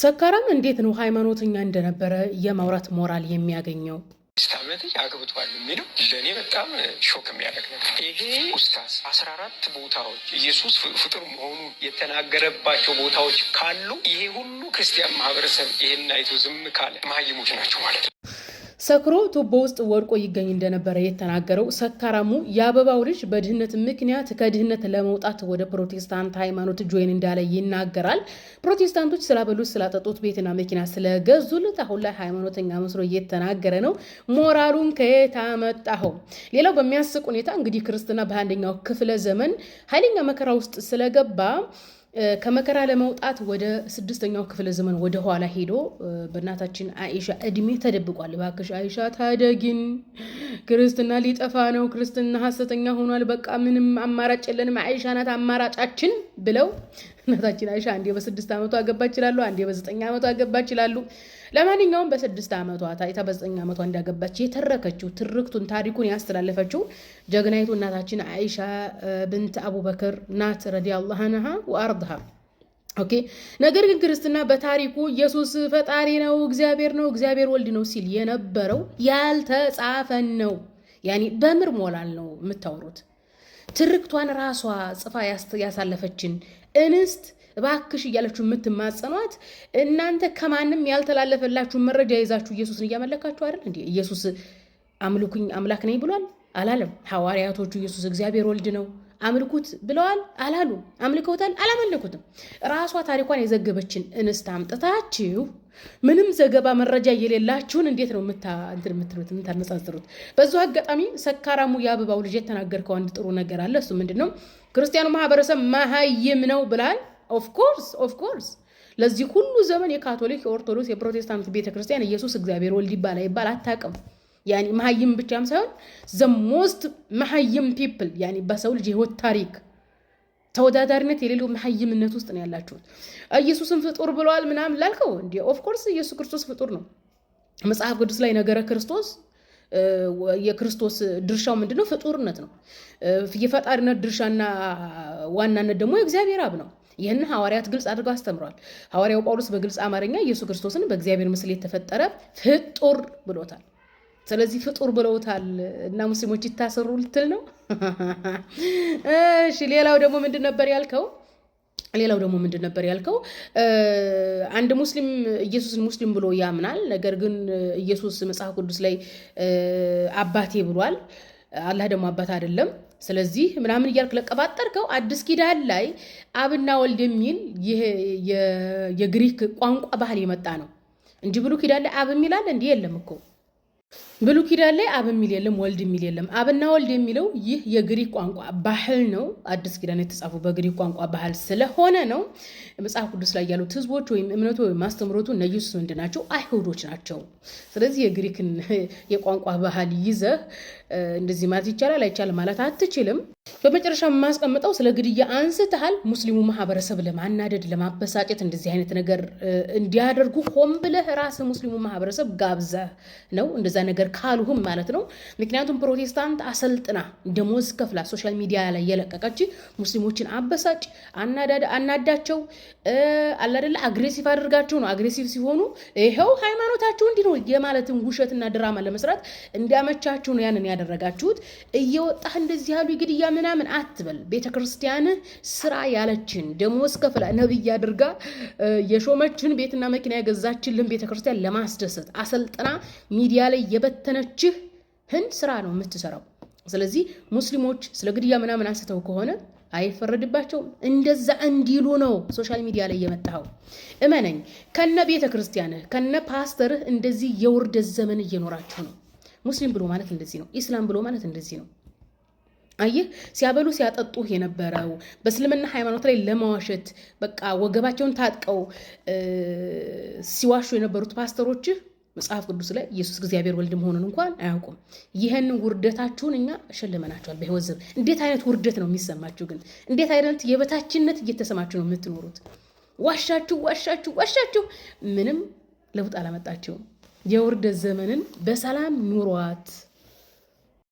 ሰካራም እንዴት ነው ሃይማኖተኛ እንደነበረ የማውራት ሞራል የሚያገኘው? ስታመት አግብቷል የሚለው ለእኔ በጣም ሾክ የሚያደርግ ነው። ይሄ ኡስታዝ አስራ አራት ቦታዎች ኢየሱስ ፍጡር መሆኑ የተናገረባቸው ቦታዎች ካሉ ይሄ ሁሉ ክርስቲያን ማህበረሰብ ይህን አይቶ ዝም ካለ መሀይሞች ናቸው ማለት ነው። ሰክሮ ቱቦ ውስጥ ወድቆ ይገኝ እንደነበረ የተናገረው ሰካራሙ የአበባው ልጅ በድህነት ምክንያት ከድህነት ለመውጣት ወደ ፕሮቴስታንት ሃይማኖት ጆይን እንዳለ ይናገራል። ፕሮቴስታንቶች ስላበሉት፣ ስላጠጡት፣ ቤትና መኪና ስለገዙለት አሁን ላይ ሃይማኖተኛ መስሎ እየተናገረ ነው። ሞራሉን ከየት አመጣኸው? ሌላው በሚያስቅ ሁኔታ እንግዲህ ክርስትና በአንደኛው ክፍለ ዘመን ኃይለኛ መከራ ውስጥ ስለገባ ከመከራ ለመውጣት ወደ ስድስተኛው ክፍለ ዘመን ወደ ኋላ ሄዶ በእናታችን አይሻ እድሜ ተደብቋል። እባክሽ አይሻ ታደጊን፣ ክርስትና ሊጠፋ ነው፣ ክርስትና ሀሰተኛ ሆኗል፣ በቃ ምንም አማራጭ የለንም፣ አይሻ ናት አማራጫችን ብለው እናታችን አይሻ አንዴ በስድስት ዓመቷ አገባ ይችላሉ፣ አንዴ በዘጠኝ ዓመቷ አገባ ይችላሉ። ለማንኛውም በስድስት ዓመቷ ታይታ በዘጠኝ ዓመቷ እንዳገባች የተረከችው ትርክቱን ታሪኩን ያስተላለፈችው ጀግናይቱ እናታችን አይሻ ብንት አቡበክር ናት ረዲየላሁ አንሃ ወአርድሃ። ኦኬ ነገር ግን ክርስትና በታሪኩ ኢየሱስ ፈጣሪ ነው፣ እግዚአብሔር ነው፣ እግዚአብሔር ወልድ ነው ሲል የነበረው ያልተጻፈን ነው። ያኔ በምርሞላል ነው የምታወሩት። ትርክቷን ራሷ ጽፋ ያሳለፈችን እንስት እባክሽ እያለችሁ የምትማጸኗት እናንተ ከማንም ያልተላለፈላችሁ መረጃ ይዛችሁ ኢየሱስን እያመለካችሁ አይደል እንዴ? ኢየሱስ አምልኩኝ አምላክ ነኝ ብሏል አላለም? ሐዋርያቶቹ ኢየሱስ እግዚአብሔር ወልድ ነው አምልኩት ብለዋል አላሉም። አምልከውታል አላመለኩትም። ራሷ ታሪኳን የዘገበችን እንስት አምጥታችሁ ምንም ዘገባ መረጃ የሌላችሁን እንዴት ነው የምትሉት? የምታነጻጽሩት? በዚሁ አጋጣሚ ሰካራሙ የአበባው ልጅ የተናገርከው አንድ ጥሩ ነገር አለ። እሱ ምንድን ነው? ክርስቲያኑ ማህበረሰብ መሀይም ነው ብላል። ኦፍኮርስ ኦፍኮርስ ለዚህ ሁሉ ዘመን የካቶሊክ የኦርቶዶክስ፣ የፕሮቴስታንት ቤተክርስቲያን ኢየሱስ እግዚአብሔር ወልድ ይባል አይባል አታውቅም። ያኔ መሀይም ብቻም ሳይሆን ዘ ሞስት መሀይም ፒፕል ያኔ በሰው ልጅ የህይወት ታሪክ ተወዳዳሪነት የሌለው መሀይምነት ውስጥ ነው ያላችሁት። ኢየሱስን ፍጡር ብለዋል ምናምን ላልከው እንዲ ኦፍኮርስ ኢየሱስ ክርስቶስ ፍጡር ነው። መጽሐፍ ቅዱስ ላይ ነገረ ክርስቶስ የክርስቶስ ድርሻው ምንድነው ፍጡርነት ነው። የፈጣሪነት ድርሻና ዋናነት ደግሞ የእግዚአብሔር አብ ነው። ይህን ሐዋርያት ግልጽ አድርገው አስተምረዋል። ሐዋርያው ጳውሎስ በግልጽ አማርኛ ኢየሱስ ክርስቶስን በእግዚአብሔር ምስል የተፈጠረ ፍጡር ብሎታል። ስለዚህ ፍጡር ብለውታል እና ሙስሊሞች ይታሰሩ ልትል ነው? እሺ። ሌላው ደግሞ ምንድን ነበር ያልከው? ሌላው ደግሞ ምንድን ነበር ያልከው? አንድ ሙስሊም ኢየሱስን ሙስሊም ብሎ ያምናል። ነገር ግን ኢየሱስ መጽሐፍ ቅዱስ ላይ አባቴ ብሏል። አላህ ደግሞ አባት አይደለም። ስለዚህ ምናምን እያልክ ለቀባጠርከው አዲስ ኪዳን ላይ አብና ወልድ የሚል ይሄ የግሪክ ቋንቋ ባህል የመጣ ነው እንጂ ብሉይ ኪዳን ላይ አብ የሚላል እንዲህ የለም እኮ ብሉ ኪዳን ላይ አብ የሚል የለም፣ ወልድ የሚል የለም። አብና ወልድ የሚለው ይህ የግሪክ ቋንቋ ባህል ነው። አዲስ ኪዳን የተጻፉ በግሪክ ቋንቋ ባህል ስለሆነ ነው። መጽሐፍ ቅዱስ ላይ ያሉት ህዝቦች ወይም እምነቱ ወይም ማስተምሮቱ እነ ኢየሱስ ምንድን ናቸው? አይሁዶች ናቸው። ስለዚህ የግሪክን የቋንቋ ባህል ይዘህ እንደዚህ ማለት ይቻላል አይቻልም ማለት አትችልም። በመጨረሻ የማስቀምጠው ስለ ግድያ አንስተሃል። ሙስሊሙ ማህበረሰብ ለማናደድ ለማበሳጨት እንደዚህ አይነት ነገር እንዲያደርጉ ሆን ብለህ ራስ ሙስሊሙ ማህበረሰብ ጋብዘህ ነው እንደዛ ነገር ነገር ካልሁም ማለት ነው። ምክንያቱም ፕሮቴስታንት አሰልጥና ደሞዝ ከፍላ ሶሻል ሚዲያ ላይ የለቀቀች ሙስሊሞችን አበሳጭ አናዳቸው አላደለ አግሬሲቭ አድርጋቸው ነው። አግሬሲቭ ሲሆኑ ይኸው ሃይማኖታችሁ እንዲህ ነው የማለትን ውሸትና ድራማ ለመስራት እንዲያመቻችሁ ነው ያንን ያደረጋችሁት። እየወጣህ እንደዚህ ያሉ ግድያ ምናምን አትበል። ቤተክርስቲያን ስራ ያለችን ደሞዝ ከፍላ ነብይ አድርጋ የሾመችን ቤትና መኪና የገዛችልን ቤተክርስቲያን ለማስደሰት አሰልጥና ሚዲያ ላይ የበት የፈተነችህን ስራ ነው የምትሰራው። ስለዚህ ሙስሊሞች ስለ ግድያ ምናምን አንስተው ከሆነ አይፈረድባቸውም። እንደዛ እንዲሉ ነው ሶሻል ሚዲያ ላይ የመጣኸው። እመነኝ፣ ከነ ቤተ ክርስቲያንህ ከነ ፓስተርህ እንደዚህ የውርደት ዘመን እየኖራችሁ ነው። ሙስሊም ብሎ ማለት እንደዚህ ነው። ኢስላም ብሎ ማለት እንደዚህ ነው። አየህ ሲያበሉ ሲያጠጡህ የነበረው በእስልምና ሃይማኖት ላይ ለመዋሸት በቃ ወገባቸውን ታጥቀው ሲዋሹ የነበሩት ፓስተሮችህ መጽሐፍ ቅዱስ ላይ ኢየሱስ እግዚአብሔር ወልድ መሆኑን እንኳን አያውቁም። ይህንን ውርደታችሁን እኛ ሸልመናቸዋል በሕይወት እንዴት አይነት ውርደት ነው የሚሰማችሁ ግን? እንዴት አይነት የበታችነት እየተሰማችሁ ነው የምትኖሩት? ዋሻችሁ ዋሻችሁ ዋሻችሁ፣ ምንም ለውጥ አላመጣችሁም። የውርደት ዘመንን በሰላም ኑሯት።